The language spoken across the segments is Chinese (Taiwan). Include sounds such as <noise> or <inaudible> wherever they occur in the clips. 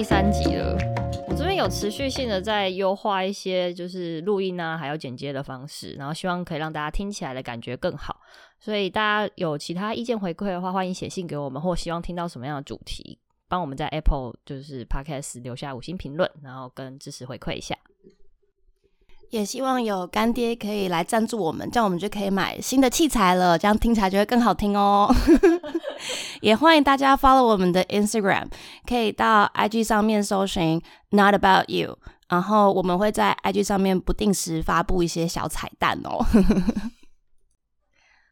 第三集了，我這邊有持續性的在優化一些，就是錄音啊，還有剪接的方式，然後希望可以讓大家聽起來的感覺更好。所以大家有其他意見回饋的話，歡迎寫信給我們，或希望聽到什麼樣的主題，幫我們在 Apple 就是 Podcast 留下五星評論，然後跟支持回饋一下。也希望有乾爹可以來贊助我們，這樣我們就可以買新的器材了，這樣聽起來就會更好聽哦。 <laughs> 也歡迎大家 follow 我們的 Instagram，可以到 IG 上面搜尋 Not About You，然後我們會在 IG 上面不定時發布一些小彩蛋哦。 <laughs>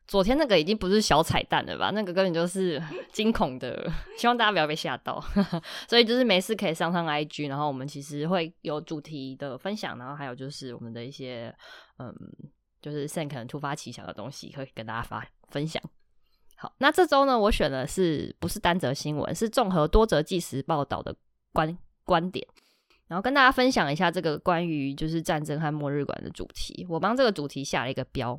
昨天那個已經不是小彩蛋了吧？那個根本就是驚恐的，希望大家不要被嚇到。 <laughs> 所以就是沒事可以上上 IG，然後我們其實會有主題的分享，然後還有就是我們的一些嗯，就是現在可能突發奇想的東西會跟大家發分享。好，那這周呢，我選的是不是單則新聞，是綜合多則紀實報道的觀觀點，然後跟大家分享一下這個關於就是戰爭和末日館的主題。我幫這個主題下了一個標。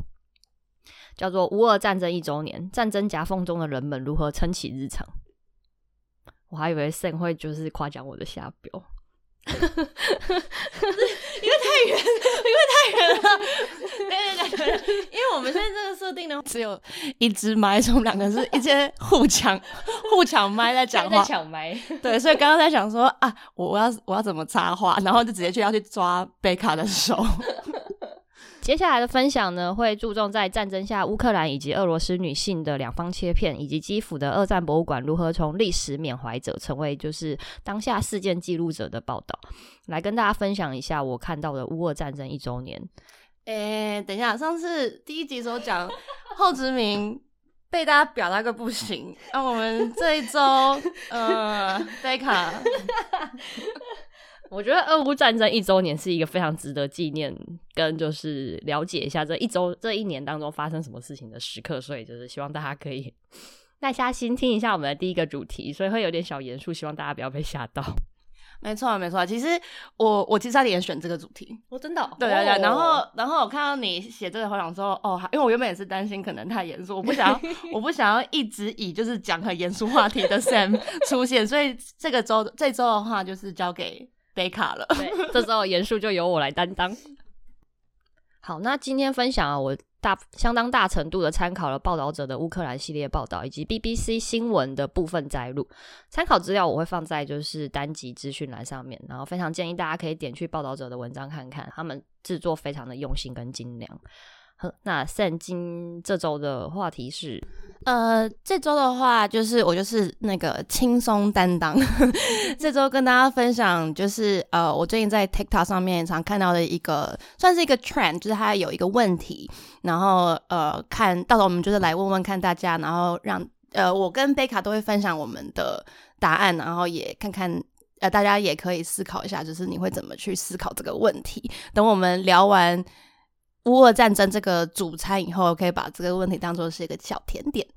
叫做“烏俄戰爭一周年”，戰爭夾縫中的人們如何撐起日常？我還以為聖會就是誇獎我的下標。 <laughs> <laughs> 因為太遠，因為太遠了。對對對，因為我們現在這個設定呢， <laughs> 只有一只麥，所以我們兩個是一直互搶互搶麥在講話，搶 <laughs> 麥。對，所以剛剛在想說啊，我要我要怎麼插話，然後就直接去要去抓貝卡的手。 <laughs> 接下來的分享呢，會注重在戰爭下烏克蘭以及俄羅斯女性的兩方切片，以及基輔的二戰博物館如何從歷史緬懷者成為就是當下事件記錄者的報道，來跟大家分享一下我看到的烏俄戰爭一周年。誒、欸，等一下，上次第一集的時候講後殖民被大家表達個不行，那、啊、我們這一周，呃，貝 <laughs> で卡。 <laughs> 我覺得俄烏戰爭一周年是一個非常值得紀念，跟就是了解一下這一周、這一年當中發生什麼事情的時刻，所以就是希望大家可以耐下心聽一下我們的第一個主題，所以會有點小嚴肅，希望大家不要被嚇到。沒錯，沒錯。其實我我其實差點選這個主題，我、哦、真的、哦。對對對。然後、哦、然後然後我看到你寫這個，我想說哦，因為我原本也是擔心可能太嚴肅，我不想要 <laughs> 我不想要一直以就是講很嚴肅話題的 Sam 出現，所以這個周 <laughs> 這周的話就是交給。被卡了， <laughs> 這時候嚴肅就由我來擔當。 <laughs> 好，那今天分享啊，我大相當大程度的參考了《報道者》的烏克蘭系列報道，以及 BBC 新聞的部分摘錄。參考資料我會放在就是單集資訊欄上面，然後非常建議大家可以點去《報道者》的文章看看，他們製作非常的用心跟精良。那現今這周的話題是，呃，這周的話就是我就是那個輕鬆擔當， <laughs> 這周跟大家分享就是呃，我最近在 TikTok 上面常看到的一個算是一個 trend，就是它有一個問題，然後呃，看到時候我們就是來問問看大家，然後讓呃我跟貝卡都會分享我們的答案，然後也看看呃大家也可以思考一下，就是你會怎麼去思考這個問題。等我們聊完。烏俄戰爭這個主餐以後，可以把這個問題當做是一個小甜點。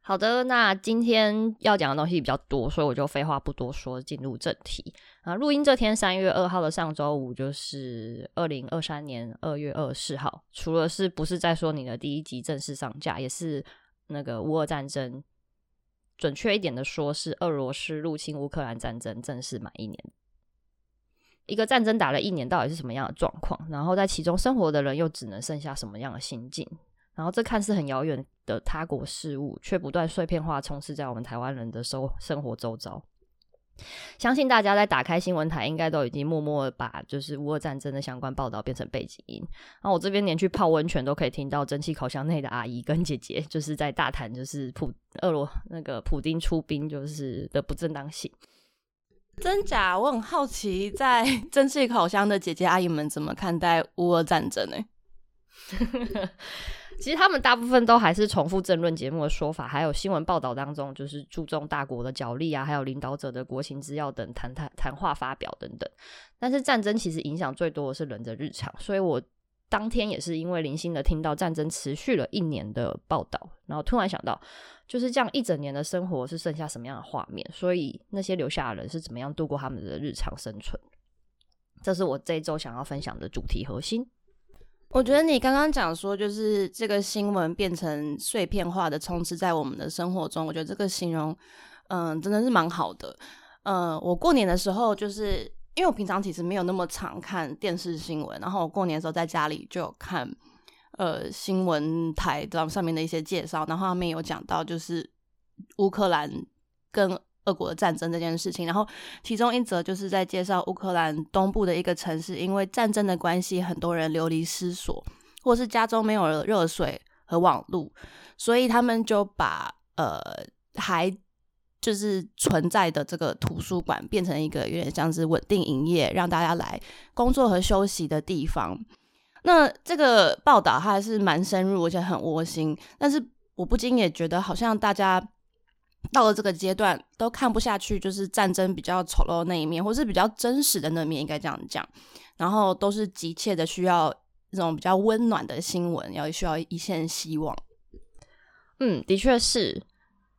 好的，那今天要講的東西比較多，所以我就廢話不多說，進入正題。啊，錄音這天三月二號的上週五，就是二零二三年二月二十四號。除了是不是在說你的第一集正式上架，也是那個烏俄戰爭，準確一點的說是俄羅斯入侵烏克蘭戰爭正式滿一年。一個戰爭打了一年，到底是什麼樣的狀況？然後在其中生活的人又只能剩下什麼樣的心境？然後這看似很遙遠的他國事務，卻不斷碎片化充斥在我們台灣人的生生活周遭。相信大家在打開新聞台，應該都已經默默地把就是烏俄戰爭的相關報道變成背景音。然後我這邊連去泡溫泉都可以聽到蒸汽烤箱內的阿姨跟姐姐，就是在大談就是普俄羅那個普丁出兵就是的不正當性。真假？我很好奇，在蒸汽烤箱的姐姐阿姨們怎麼看待烏俄戰爭呢、欸？ <laughs> 其實他們大部分都還是重複政論節目的說法，還有新聞報道當中，就是注重大國的角力啊，還有領導者的國情資料等談談談話發表等等。但是戰爭其實影響最多的是人的日常，所以我。當天也是因為零星的聽到戰爭持續了一年的報道，然後突然想到，就是這樣一整年的生活是剩下什麼樣的畫面？所以那些留下的人是怎麼樣度過他們的日常生存？這是我這一周想要分享的主題核心。我覺得你剛剛講說，就是這個新聞變成碎片化的充斥在我們的生活中，我覺得這個形容，嗯、呃，真的是蠻好的。嗯、呃，我過年的時候就是。因為我平常其實沒有那麼常看電視新聞，然後我過年的時候在家裡就有看，呃，新聞台，然後上面的一些介紹，然後他們有講到就是烏克蘭跟俄國的戰爭這件事情，然後其中一則就是在介紹烏克蘭東部的一個城市，因為戰爭的關係，很多人流離失所，或者是家中沒有了熱水和網絡，所以他們就把呃還。就是存在的這個圖書館變成一個有點像是穩定營業，讓大家來工作和休息的地方。那這個報道還是蠻深入，而且很窩心。但是我不禁也覺得，好像大家到了這個階段都看不下去，就是戰爭比較醜陋的那一面，或是比較真實的那一面，應該這樣講。然後都是急切的需要那種比較溫暖的新聞，要需要一線希望。嗯，的確是。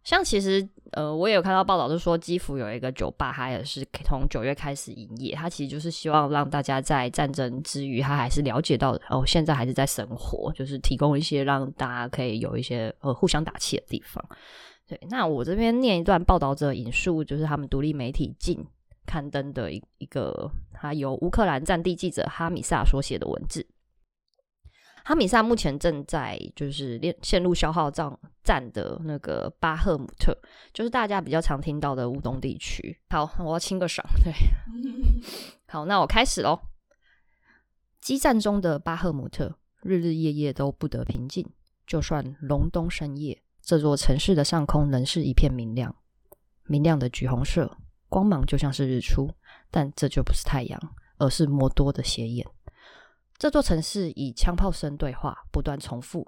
像其實，呃，我也有看到報道，就說基輔有一個酒吧，它也是從九月開始營業。它其實就是希望讓大家在戰爭之餘，它還是了解到哦，現在還是在生活，就是提供一些讓大家可以有一些呃互相打氣的地方。對，那我這邊念一段報道者引述，就是他們獨立媒體《鏡》刊登的一一個，它由烏克蘭戰地記者哈米薩所寫的文字。哈米薩目前正在就是練陷入消耗戰戰的那個巴赫姆特，就是大家比較常聽到的烏東地區。好，我要清個嗓。對， <laughs> 好，那我開始嘍。激戰中的巴赫姆特，日日夜夜都不得平靜。就算隆冬深夜，這座城市的上空仍是一片明亮，明亮的橘紅色光芒就像是日出，但這就不是太陽，而是魔多的邪眼。這座城市以槍炮聲對話，不斷重複：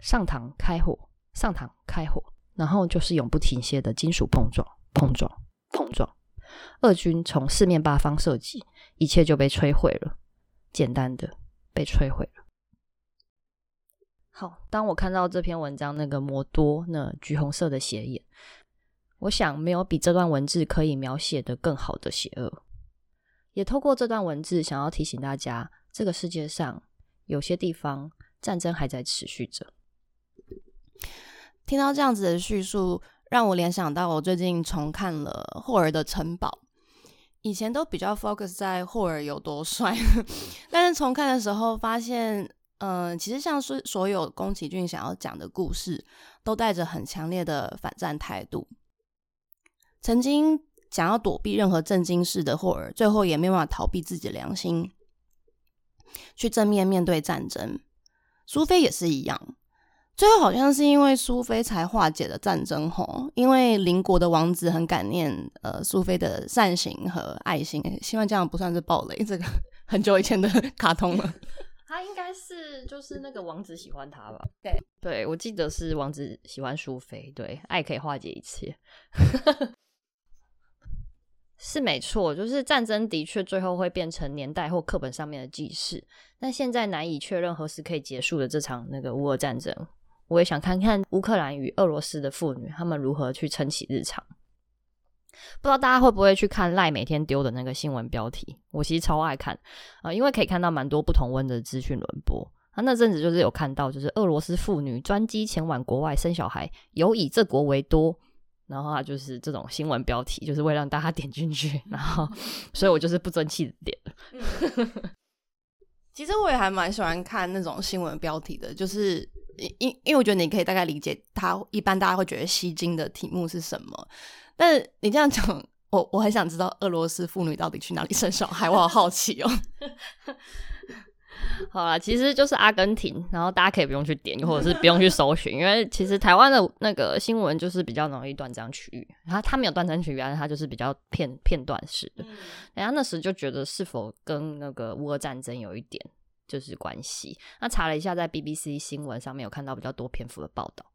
上膛開火，上膛開火。然後就是永不停歇的金屬碰撞、碰撞、碰撞。俄軍從四面八方射擊，一切就被摧毀了，簡單的被摧毀了。好，當我看到這篇文章，那個魔多那橘紅色的邪眼，我想沒有比這段文字可以描寫的更好的邪惡。也透過這段文字，想要提醒大家。這個世界上有些地方戰爭還在持續着。聽到這樣子的敘述，讓我聯想到我最近重看了霍爾的城堡。以前都比較 focus 在霍爾有多帥，但是重看的時候發現，嗯、呃，其實像是所有宮崎駿想要講的故事，都帶着很強烈的反戰態度。曾經想要躲避任何震驚式的霍爾，最後也沒辦法逃避自己的良心。去正面面對戰爭，蘇菲也是一樣。最後好像是因為蘇菲才化解了戰爭吼，因為鄰國的王子很感念呃蘇菲的善行和愛心，希望這樣不算是爆雷。這個很久以前的卡通了，他應該是就是那個王子喜歡他吧？對對，我記得是王子喜歡蘇菲，對，愛可以化解一切。 <laughs> 是沒錯，就是戰爭的確最後會變成年代或課本上面的記事。但現在難以確認何時可以結束的這場那個烏俄戰爭，我也想看看烏克蘭與俄羅斯的婦女他們如何去撐起日常。不知道大家會不會去看賴每天丟的那個新聞標題？我其實超愛看啊，呃，因為可以看到蠻多不同溫的資訊輪播。啊那陣子就是有看到，就是俄羅斯婦女專機前往國外生小孩，尤以這國為多。然後就是這種新聞標題，就是為了讓大家點進去。嗯、然後，所以我就是不爭氣的點。嗯、 <laughs> 其實我也還蠻喜歡看那種新聞標題的，就是因,因為我覺得你可以大概理解它，一般大家會覺得吸睛的題目是什麼。但你這樣講，我，我很想知道俄羅斯婦女到底去哪裡生小孩，我好好奇哦。 <laughs> <laughs> 好啦，其實就是阿根廷，然後大家可以不用去點，或者是不用去搜尋，因為其實台灣的那個新聞就是比較容易斷章取義。他他沒有斷章取義，但是他就是比較片片段式的。人家那時就覺得是否跟那個烏俄戰爭有一點就是關係？那查了一下，在 BBC 新聞上面有看到比較多篇幅的報道。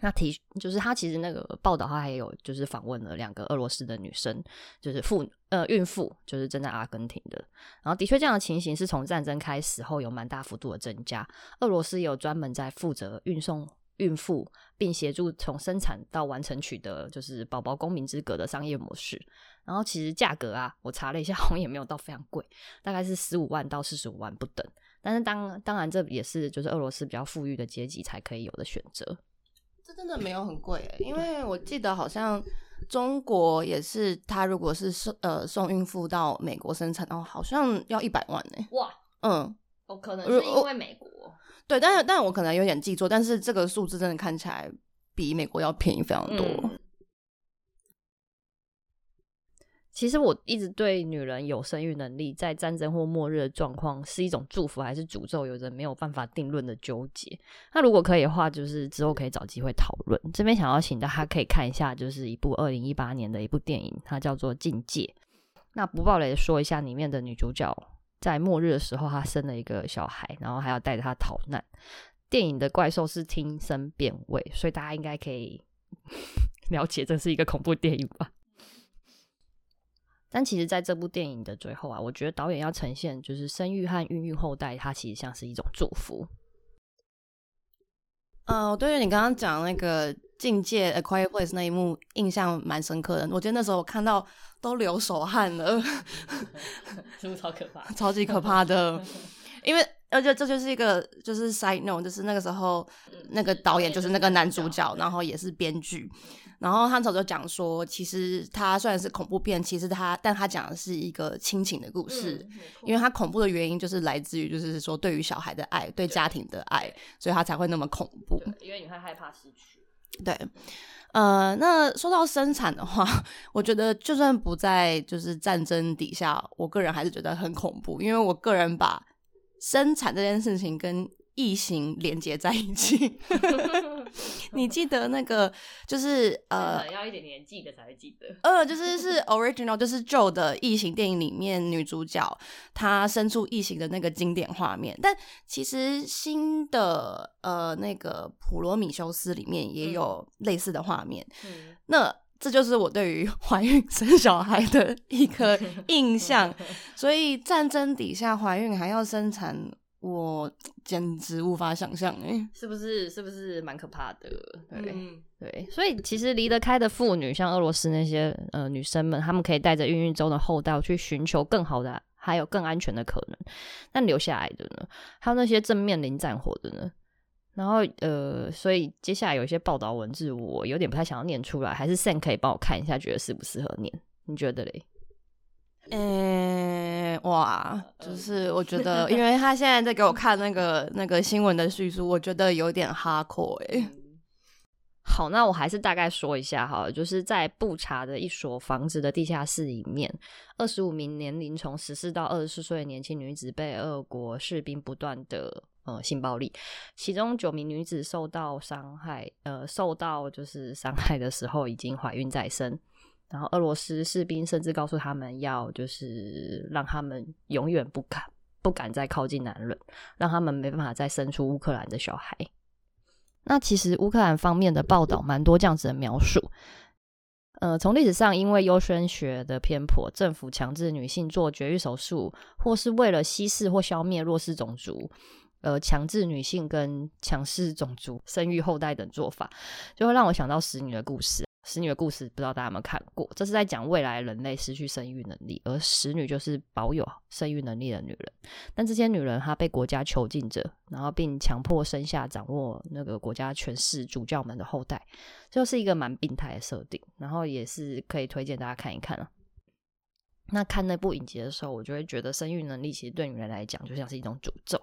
那提就是他其實那個報道，他還有就是訪問了兩個俄羅斯的女生，就是婦呃孕婦，就是正在阿根廷的。然後的確，這樣的情形是從戰爭開始後有蠻大幅度的增加。俄羅斯也有專門在負責運送孕婦，並協助從生產到完成取得就是寶寶公民資格的商業模式。然後其實價格啊，我查了一下，好像也沒有到非常貴，大概是十五萬到四十五萬不等。但是當當然這也是就是俄羅斯比較富裕的階級才可以有的選擇。這真的沒有很貴，欸，因為我記得好像中國也是，他如果是送呃送孕婦到美國生產，哦，好像要一百萬呢，欸。哇，嗯，哦，可能是因為美國，呃、對，但是但我可能有點記錯，但是這個數字真的看起來比美國要便宜非常多。嗯其實我一直對女人有生育能力，在戰爭或末日的狀況是一種祝福還是詛咒，有着沒有辦法定論的糾結。那如果可以的話，就是之後可以找機會討論。這邊想要請大家可以看一下，就是一部二零一八年的一部電影，它叫做《噤界》。那不爆雷說一下，裡面的女主角在末日的時候，她生了一個小孩，然後還要帶着她逃難。電影的怪獸是聽聲辨位，所以大家應該可以 <laughs> 了解，這是一個恐怖電影吧。但其實，在這部電影的最後啊，我覺得導演要呈現就是生育和孕育後代，它其實像是一種祝福。嗯、呃，我對於你剛剛講那個境界《A Quiet Place》那一幕，印象蠻深刻的。我覺得那時候我看到都流手汗了，是不是超可怕？超級可怕的， <laughs> 因為而且、呃、這就是一個就是 side note，就是那個時候、嗯、那個導演就是那個男主角，嗯、然後也是編劇。然後漢朝就講說，其實他雖然是恐怖片，其實他但他講的是一個親情的故事，因為他恐怖的原因就是來自於就是說對於小孩的愛，對家庭的愛，所以他才會那麼恐怖。對，對，因為你會害怕失去。對，呃，那說到生產的話，我覺得就算不在就是戰爭底下，我個人還是覺得很恐怖，因為我個人把生產這件事情跟異形連接在一起。 <laughs> <laughs> 你記得那個就是呃，要一點年紀的才會記得。 <laughs> 呃，就是是 original，就是舊的異形電影裡面女主角她生出異形的那個經典畫面。但其實新的呃那個普羅米修斯裡面也有類似的畫面。嗯、那這就是我對於懷孕生小孩的一個印象。嗯、 <laughs> 所以戰爭底下懷孕還要生產。我簡直無法想象誒、欸、是不是？是不是蠻可怕的？對、嗯、對，所以其實離得開的婦女，像俄羅斯那些呃女生們，她們可以帶着孕育中的後代去尋求更好的，還有更安全的可能。那留下來的呢？還有那些正面臨戰火的呢？然後呃，所以接下來有一些報道文字，我有點不太想要念出來，還是 San 可以幫我看一下，覺得適不適合念？你覺得嘞？嗯、欸，哇，就是我覺得、呃，因為他現在在給我看那個 <laughs> 那個新聞的敘述，我覺得有點 hardcore、欸。哎、嗯。好，那我還是大概說一下哈，就是在布查的一所房子的地下室裡面，二十五名年齡從十四到二十四歲的年輕女子被俄國士兵不斷的呃性暴力，其中九名女子受到傷害，呃，受到就是傷害的時候已經懷孕在身。然後俄羅斯士兵甚至告訴他們，要就是讓他們永遠不敢不敢再靠近男人，讓他們沒辦法再生出烏克蘭的小孩。那其實烏克蘭方面的報道蠻多這樣子的描述。呃，從歷史上，因為優生學的偏頗，政府強制女性做絕育手術，或是為了稀釋或消滅弱勢種族，呃，強制女性跟強勢種族生育後代等做法，就會讓我想到使女的故事啊。使女的故事不知道大家有沒有看過？這是在講未來人類失去生育能力，而使女就是保有生育能力的女人。但這些女人她被國家囚禁着，然後並強迫生下掌握那個國家權勢主教們的後代，就是一個蠻病態的設定。然後也是可以推薦大家看一看啊。那看那部影集的時候，我就會覺得生育能力其實對女人來講就像是一種詛咒。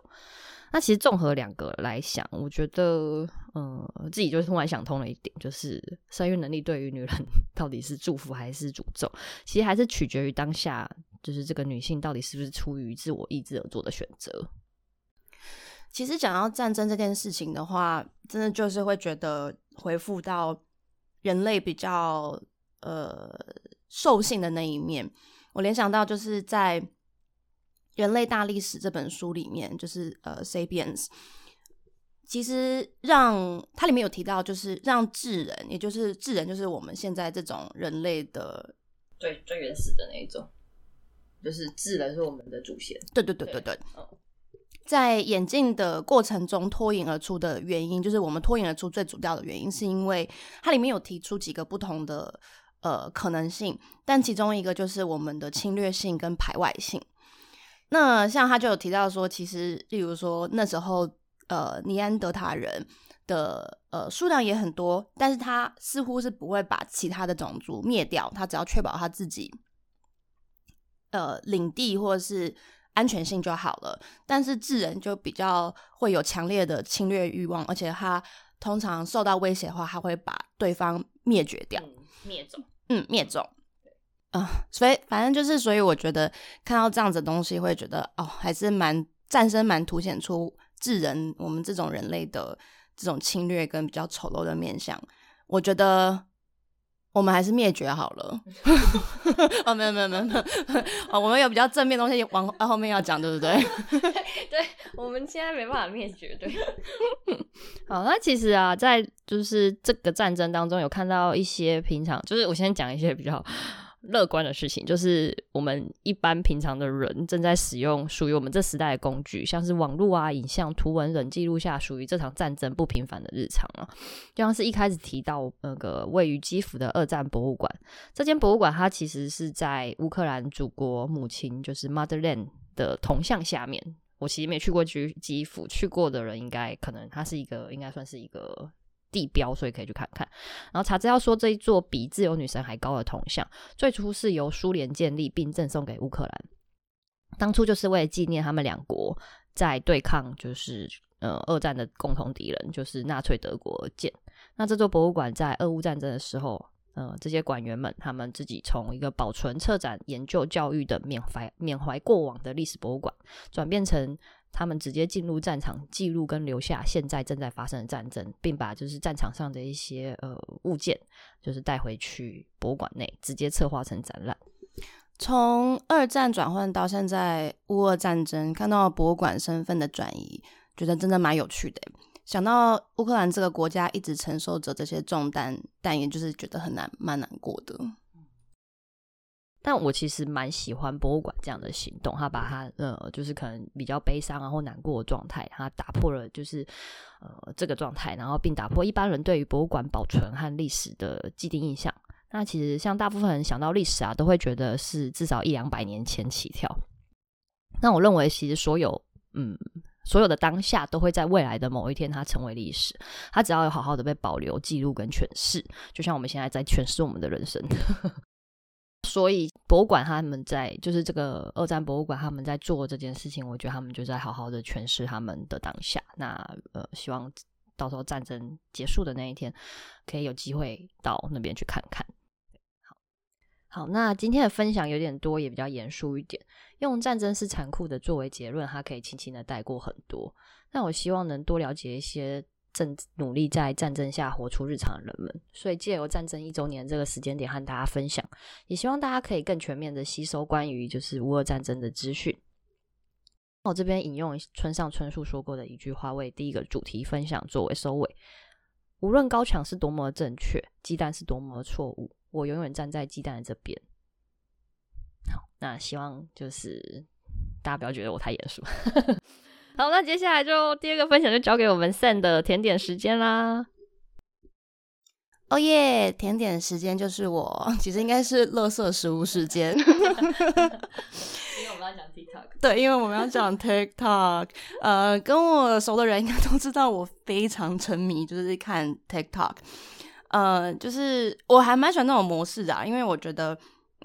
那其實綜合兩個來想，我覺得，嗯、呃，自己就突然想通了一點，就是生育能力對於女人到底是祝福還是詛咒，其實還是取決於當下，就是這個女性到底是不是出於自我意志而做的選擇。其實，講到戰爭這件事情的話，真的就是會覺得回復到人類比較呃獸性的那一面。我聯想到就是在。《人類大歷史》這本書裡面，就是呃 Sapiens 其實讓它裡面有提到，就是讓智人，也就是智人，就是我們現在這種人類的最最原始的那一種，就是智人是我們的祖先。對對對對對。對在演進的過程中脫穎而出的原因，就是我們脫穎而出最主要的原因，是因為它裡面有提出幾個不同的呃可能性，但其中一個就是我們的侵略性跟排外性。那像他就有提到說，其實例如說那時候，呃，尼安德塔人的呃數量也很多，但是他似乎是不會把其他的種族滅掉，他只要確保他自己，呃，領地或者是安全性就好了。但是智人就比較會有強烈的侵略欲望，而且他通常受到威脅的話，他會把對方滅絕掉，滅種，嗯，滅種。啊、哦，所以反正就是，所以我覺得看到這樣子的東西，會覺得哦，還是蠻戰爭蠻凸顯出智人我們這種人類的這種侵略跟比較醜陋的面相。我覺得我們還是滅絕好了。 <laughs> <laughs> 哦，沒有沒有沒有，哦， <laughs> <laughs> 我們有比較正面的東西往後面要講，對不對， <laughs> 對？對，我們現在沒辦法滅絕，對。 <laughs> 好，那其實啊，在就是這個戰爭當中，有看到一些平常，就是我先講一些比較。樂觀的事情，就是我們一般平常的人正在使用屬於我們這時代的工具，像是網絡啊、影像、圖文等，人記錄下屬於這場戰爭不平凡的日常啊，就像是一開始提到那個位於基輔的二戰博物館，這間博物館它其實是在烏克蘭祖國母親，就是 Motherland 的銅像下面。我其實沒去過基輔，去過的人應該可能它是一個，應該算是一個。地標，所以可以去看看。然後查資料說，這一座比自由女神還高的銅像，最初是由蘇聯建立並贈送給烏克蘭，當初就是為了紀念他們兩國在對抗，就是呃二戰的共同敵人，就是納粹德國而建。那這座博物館在俄烏戰爭的時候，呃，這些館員們他們自己從一個保存、策展、研究、教育的緬懷緬懷過往的歷史博物館，轉變成。他們直接進入戰場，記錄跟留下現在正在發生的戰爭，並把就是戰場上的一些呃物件，就是帶回去博物館內，直接策劃成展覽。從二戰轉換到現在烏俄戰爭，看到博物館身份的轉移，覺得真的蠻有趣的。想到烏克蘭這個國家一直承受着這些重擔，但也就是覺得很難，蠻難過的。但我其實蠻喜歡博物館這樣的行動，他把他呃，就是可能比較悲傷啊或難過的狀態，他打破了就是呃這個狀態，然後並打破一般人對於博物館保存和歷史的既定印象。那其實像大部分人想到歷史啊，都會覺得是至少一兩百年前起跳。那我認為，其實所有嗯所有的當下，都會在未來的某一天，它成為歷史。它只要有好好的被保留、記錄跟詮釋，就像我們現在在詮釋我們的人生的。所以博物館他們在，就是這個二戰博物館他們在做這件事情，我覺得他們就在好好的詮釋他們的當下。那呃，希望到時候戰爭結束的那一天，可以有機會到那邊去看看。好，好，那今天的分享有點多，也比較嚴肅一點。用戰爭是殘酷的作為結論，它可以輕輕的帶過很多。那我希望能多了解一些。正努力在戰爭下活出日常的人們，所以借由戰爭一周年這個時間點和大家分享，也希望大家可以更全面的吸收關於就是烏俄戰爭的資訊。我這邊引用村上春樹說過的一句話，為第一個主題分享作為收尾：無論高牆是多麼正確，雞蛋是多麼錯誤，我永遠站在雞蛋的這邊。好，那希望就是大家不要覺得我太嚴肅。好，那接下來就第二個分享就交給我們 San 的甜點時間啦。哦耶，甜點時間就是我，其實應該是垃圾食物時間。 <laughs> <laughs> 因為我們要講 TikTok。對，因為我們要講 TikTok。 <laughs> 呃，跟我熟的人應該都知道，我非常沉迷，就是看 TikTok。呃，就是我還蠻喜歡那種模式的啊，因為我覺得。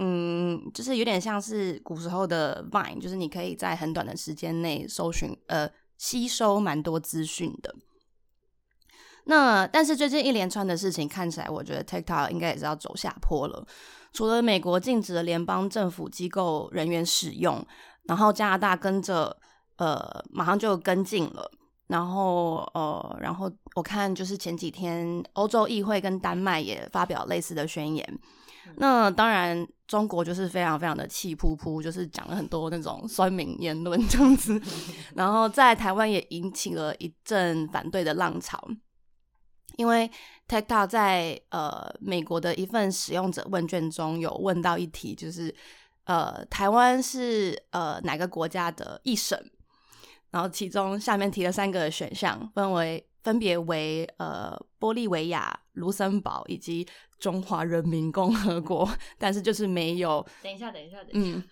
嗯，就是有點像是古時候的 Vine，就是你可以在很短的時間內搜尋，呃，吸收蠻多資訊的。那但是最近一連串的事情看起來，我覺得 TikTok 應該也是要走下坡了。除了美國禁止了聯邦政府機構人員使用，然後加拿大跟着，呃，馬上就跟進了，然後呃，然後我看就是前幾天歐洲議會跟丹麥也發表類似的宣言。那當然。中國就是非常非常的氣撲撲，就是講了很多那種酸民言論這樣子，然後在台灣也引起了一陣反對的浪潮。因為 TikTok 在呃美國的一份使用者問卷中有問到一題，就是呃台灣是呃哪個國家的一省？然後其中下面提了三個選項，分為分別為呃。玻利維亞、盧森堡以及中華人民共和國，但是就是沒有。等一下，等一下，等一下。嗯，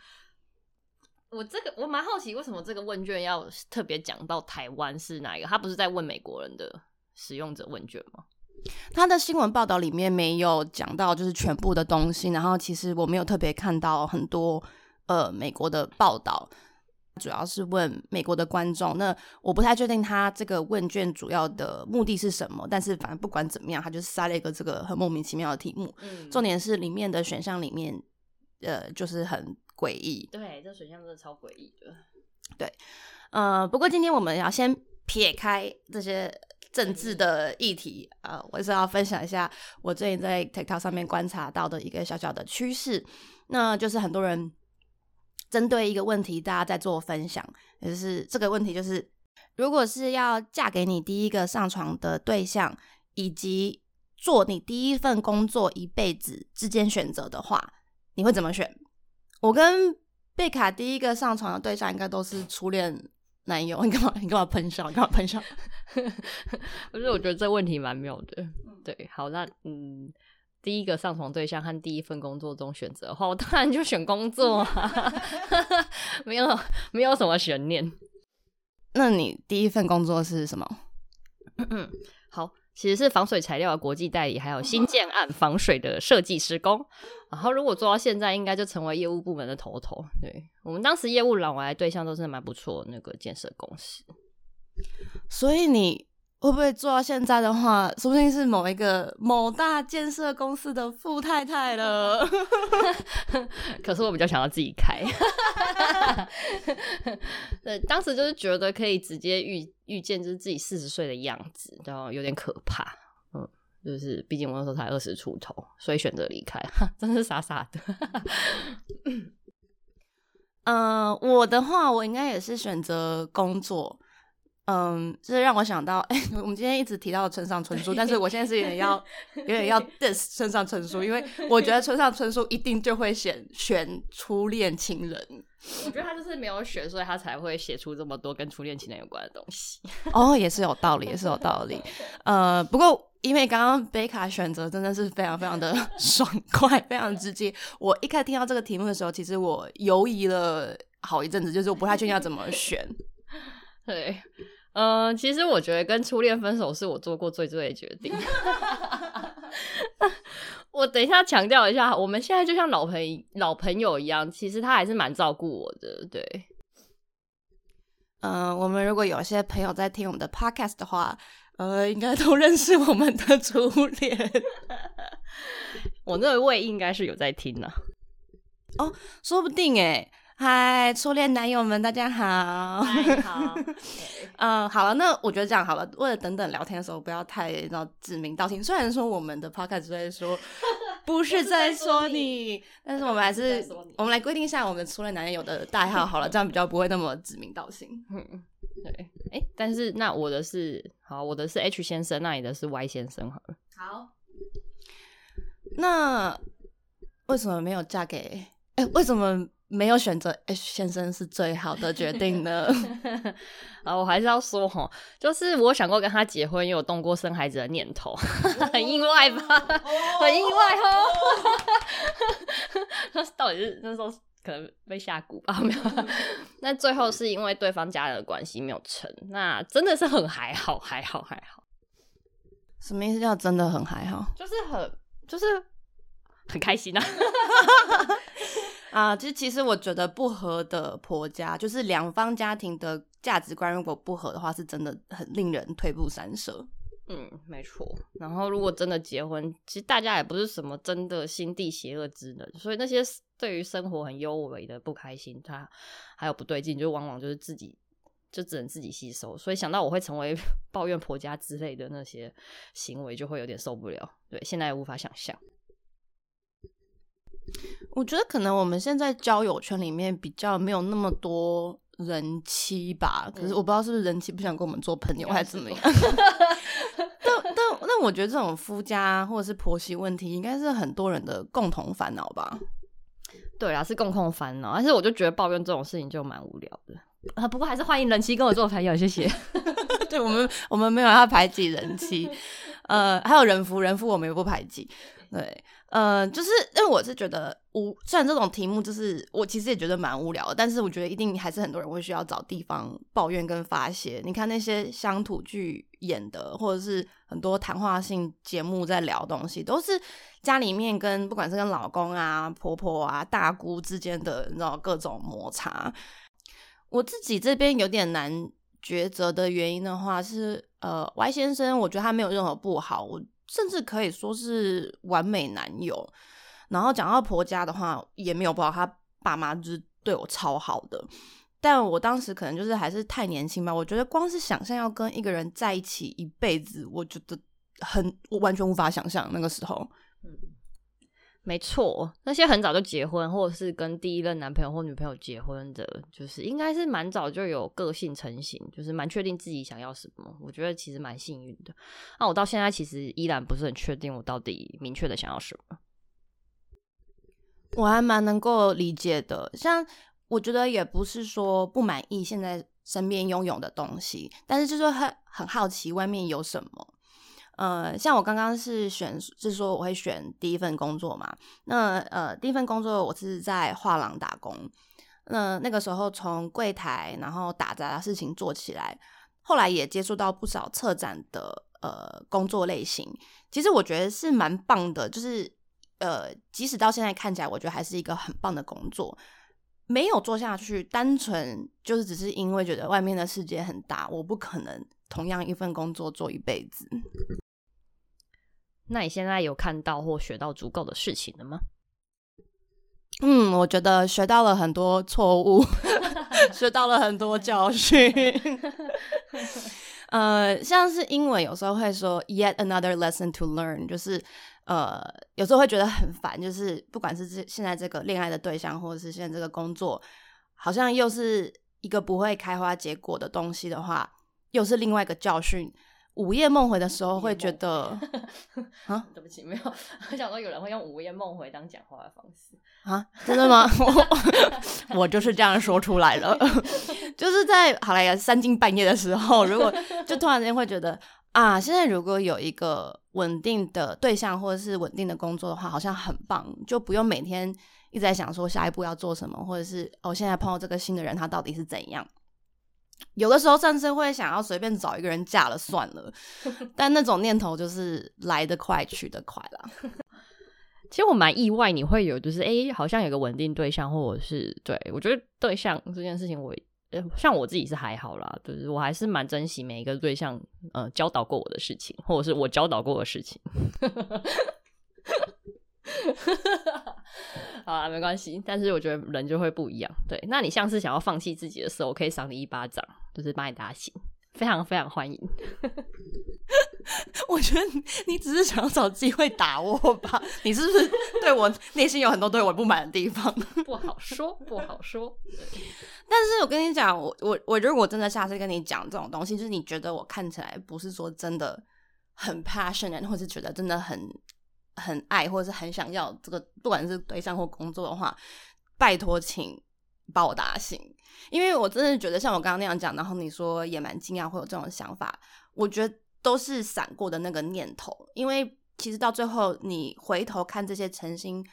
我這個我蠻好奇，為什麼這個問卷要特別講到台灣是哪一個？他不是在問美國人的使用者問卷嗎？他的新聞報道裡面沒有講到，就是全部的東西。然後其實我沒有特別看到很多呃美國的報道。主要是問美國的觀眾，那我不太確定他這個問卷主要的目的是什麼，但是反正不管怎麼樣，他就是塞了一個這個很莫名其妙的題目。嗯。重點是裡面的選項裡面，呃，就是很詭異。對，這選項真的超詭異的。對，呃，不過今天我們要先撇開這些政治的議題。嗯，呃，我是要分享一下我最近在 TikTok 上面觀察到的一個小小的趨勢，那就是很多人。針對一個問題，大家在做分享，也就是這個問題就是，如果是要嫁給你第一個上床的對象，以及做你第一份工作一輩子之間選擇的話，你會怎麼選？我跟貝卡第一個上床的對象應該都是初戀男友，你幹嘛你幹嘛噴笑？你干嘛噴笑？不 <laughs> 是，我覺得這問題蠻妙的。對，好，那嗯。第一個上床對象和第一份工作中選擇的話，我當然就選工作，啊，哈哈哈，沒有沒有什麼懸念。那你第一份工作是什麼？嗯嗯，好，其實是防水材料的國際代理，還有新建案防水的設計施工。然後如果做到現在，應該就成為業務部門的頭頭。對，我們當時業務往來對象都是蠻不錯那個建設公司，所以你會不會做到現在的話，說不定是某一個某大建設公司的富太太了。 <laughs> 可是我比較想要自己開 <laughs> 。 <laughs> 對，當時就是覺得可以直接預預見，就是自己四十歲的樣子，然後有點可怕。嗯，就是畢竟我那時候才二十出頭，所以選擇離開，真是傻傻的。 <laughs> 嗯、呃，我的話，我應該也是選擇工作。嗯，這、就是、讓我想到，哎、欸，我們今天一直提到村上春樹，但是我現在是也要有點要， <laughs> 要 diss 村上春樹，因為我覺得村上春樹一定就會選選初戀情人。我覺得他就是沒有選，所以他才會寫出這麼多跟初戀情人有關的東西。哦、 <laughs> oh,，也是有道理，也是有道理。呃、uh,，不過因為剛剛貝卡選擇真的是非常非常的爽快，非常直接。我一開始聽到這個題目的時候，其實我猶豫了好一陣子，就是我不太確定要怎麼選。 <laughs> 對。嗯、呃，其實我覺得跟初戀分手是我做過最對的決定的。 <laughs> <laughs> 我等一下強調一下，我們現在就像老朋老朋友一樣，其實他還是蠻照顧我的。對，嗯、呃，我們如果有些朋友在聽我們的 Podcast 的話，呃，應該都認識我們的初戀。 <laughs> <laughs> 我那位我也應該是有在聽呢、啊。哦，說不定誒嗨，初戀男友們，大家好！Hi, 你好， <laughs> okay. 嗯，好了，那我覺得這樣好了。為了等等聊天的時候不要太讓指名道姓，雖然說我們的 podcast 在說 <laughs> 不是在說你， <laughs> 是在說你，但是我們還是，是我們來規定一下我們初戀男友的代號好了， <laughs> 這樣比較不會那麼指名道姓。嗯、對，哎、欸，但是那我的是好，我的是 H 先生，那你的是 Y 先生，好了。好，那為什麼沒有嫁給？哎、欸，為什麼？沒有選擇 H、欸、先生是最好的決定呢。啊， <laughs> 我還是要說齁，就是我想過跟他結婚，也有動過生孩子的念頭，哦、 <laughs> 很意外吧？哦、很意外哈。那、哦、 <laughs> 到底是那時候可能被下蠱吧？沒、嗯、有。 <laughs> 那最後是因為對方家人的關係沒有成，那真的是很還好，還好，還好。什麼意思叫真的很還好？就是很，就是很開心啊。 <laughs> 啊，其實其實我覺得不合的婆家，就是兩方家庭的價值觀如果不合的話，是真的很令人退避三舍。嗯，沒錯。然後如果真的結婚，其實大家也不是什麼真的心地邪惡之人，所以那些對於生活很幽微的不開心，他還有不對勁，就往往就是自己就只能自己吸收。所以想到我會成為抱怨婆家之類的那些行為，就會有點受不了。對，現在也無法想象。我覺得可能我們現在交友圈裡面比較沒有那麼多人妻吧，嗯、可是我不知道是不是人妻不想跟我們做朋友還是怎麼樣 <laughs> 但。但但那我覺得這種夫家或者是婆媳問題應該是很多人的共同煩惱吧。對啊，是共同煩惱。但是我就覺得抱怨這種事情就蠻無聊的，啊。不過還是歡迎人妻跟我做朋友，謝謝。 <laughs> <laughs> 對，我們我們沒有要排擠人妻，呃，還有人夫，人夫我們也不排擠。對。呃，就是因為我是覺得無，雖然這種題目就是我其實也覺得蠻無聊的，但是我覺得一定還是很多人會需要找地方抱怨跟發洩。你看那些鄉土劇演的，或者是很多談話性節目在聊東西，都是家裡面跟不管是跟老公啊、婆婆啊、大姑之間的那種各種摩擦。我自己這邊有點難抉擇的原因的話是，呃，Y 先生，我覺得他沒有任何不好。我甚至可以說是完美男友。然後講到婆家的話，也沒有不好，他爸媽就是對我超好的。但我當時可能就是還是太年輕吧，我覺得光是想象要跟一個人在一起一輩子，我覺得很，我完全無法想象那個時候。沒錯，那些很早就結婚，或者是跟第一任男朋友或女朋友結婚的，就是應該是蠻早就有個性成型，就是蠻確定自己想要什麼。我覺得其實蠻幸運的。那我到現在其實依然不是很確定，我到底明確的想要什麼。我還蠻能夠理解的，像我覺得也不是說不滿意現在身邊擁有的東西，但是就是很很好奇外面有什麼。呃，像我剛剛是選，就是說我會選第一份工作嘛。那呃，第一份工作我是在畫廊打工。那那個時候從櫃檯，然後打雜的事情做起來，後來也接觸到不少策展的呃工作類型。其實我覺得是蠻棒的，就是呃，即使到現在看起來，我覺得還是一個很棒的工作。沒有做下去，單純就是只是因為覺得外面的世界很大，我不可能同樣一份工作做一輩子。那你現在有看到或學到足夠的事情了嗎？嗯，我覺得學到了很多錯誤， <laughs> <laughs> 學到了很多教訓。 <laughs> <laughs> 呃，像是英文有時候會說 <laughs> “yet another lesson to learn”，就是呃，有時候會覺得很煩，就是不管是這現在這個戀愛的對象，或者是現在這個工作，好像又是一個不會開花結果的東西的話，又是另外一個教訓。午夜夢回的時候會覺得啊， <laughs> 對不起，沒有我想說有人會用午夜夢回當講話的方式啊，真的嗎 <laughs> 我？我就是這樣說出來了， <laughs> 就是在好啦呀，三更半夜的時候，如果就突然間會覺得 <laughs> 啊，現在如果有一個穩定的對象或者是穩定的工作的話，好像很棒，就不用每天一直在想說下一步要做什麼，或者是哦，現在碰到這個新的人，他到底是怎樣？有的時候甚至會想要隨便找一個人嫁了算了，但那種念頭就是來得快去得快啦。 <laughs> 其實我蠻意外你會有，就是哎、欸，好像有個穩定對象，或者是對我覺得對象這件事情我，我、呃、像我自己是還好啦，就是我還是蠻珍惜每一個對象呃教導過我的事情，或者是我教導過我的事情。 <laughs> 哈哈，好啊，沒關係。但是我覺得人就會不一樣。對，那你像是想要放棄自己的時候，我可以賞你一巴掌，就是把你打醒，非常非常歡迎。 <laughs> 我覺得你只是想要找機會打我吧？你是不是對我內心有很多對我不滿的地方？ <laughs> 不好說，不好說。但是我跟你講，我我我如果真的下次跟你講這種東西，就是你覺得我看起來不是說真的很 passionate，或是覺得真的很。很愛或者是很想要這個，不管是對象或工作的話，拜託請把我打醒，因為我真的覺得像我剛剛那樣講，然後你說也蠻驚訝會有這種想法，我覺得都是閃過的那個念頭，因為其實到最後你回頭看這些曾經，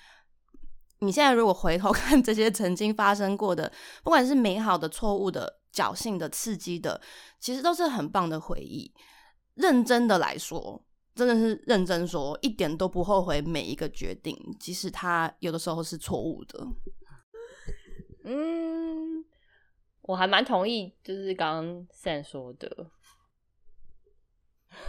你現在如果回頭看這些曾經發生過的，不管是美好的、錯誤的、僥倖的、刺激的，其實都是很棒的回憶。認真的來說。真的是認真說，一點都不後悔每一個決定，即使他有的時候是錯誤的。嗯，我還蠻同意，就是剛剛 San 說的。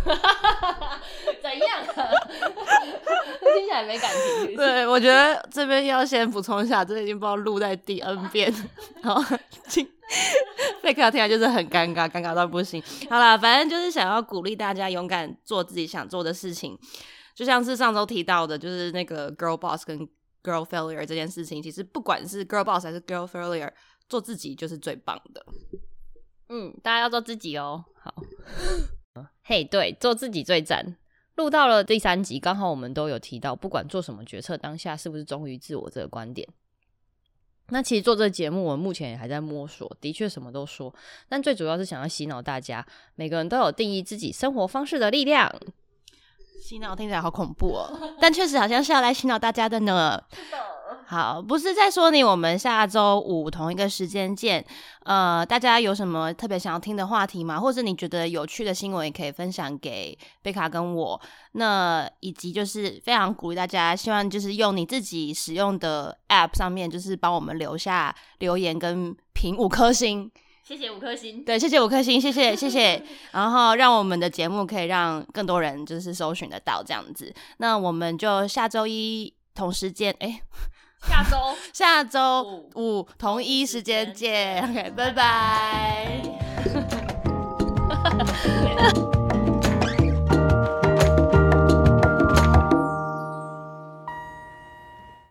哈哈哈哈怎樣、啊？ <laughs> <laughs> 聽起來沒感情，是是。對，我覺得這邊要先補充一下，這邊已經不知道錄在第 N 遍，好，聽，被客聽起來就是很尷尬，尷尬到不行。好了，反正就是想要鼓勵大家勇敢做自己想做的事情。就像是上週提到的，就是那個 girl boss 跟 girl failure 這件事情，其實不管是 girl boss 還是 girl failure，做自己就是最棒的。嗯，大家要做自己哦、喔。好。 <laughs> 嘿、hey，對，做自己最讚。錄到了第三集，剛好我們都有提到，不管做什麼決策，當下是不是忠於自我這個觀點。那其實做這個節目，我目前也還在摸索，的確什麼都說，但最主要是想要洗腦大家，每個人都有定義自己生活方式的力量。洗腦聽起來好恐怖哦， <laughs> 但確實好像是要來洗腦大家的呢。好，不是在說你。我們下周五同一個時間見。呃，大家有什麼特別想要聽的話題嗎？或是你覺得有趣的新聞，也可以分享給貝卡跟我。那以及就是非常鼓勵大家，希望就是用你自己使用的 App 上面，就是幫我們留下留言跟評五顆星。謝謝五顆星。對，謝謝五顆星，謝謝謝謝。 <laughs> 然後讓我們的節目可以讓更多人就是搜尋得到這樣子。那我們就下周一同時見，誒、欸。下周， <laughs> 下周五，五同一時間見時。OK，拜拜。拜拜 <laughs> <laughs> <laughs>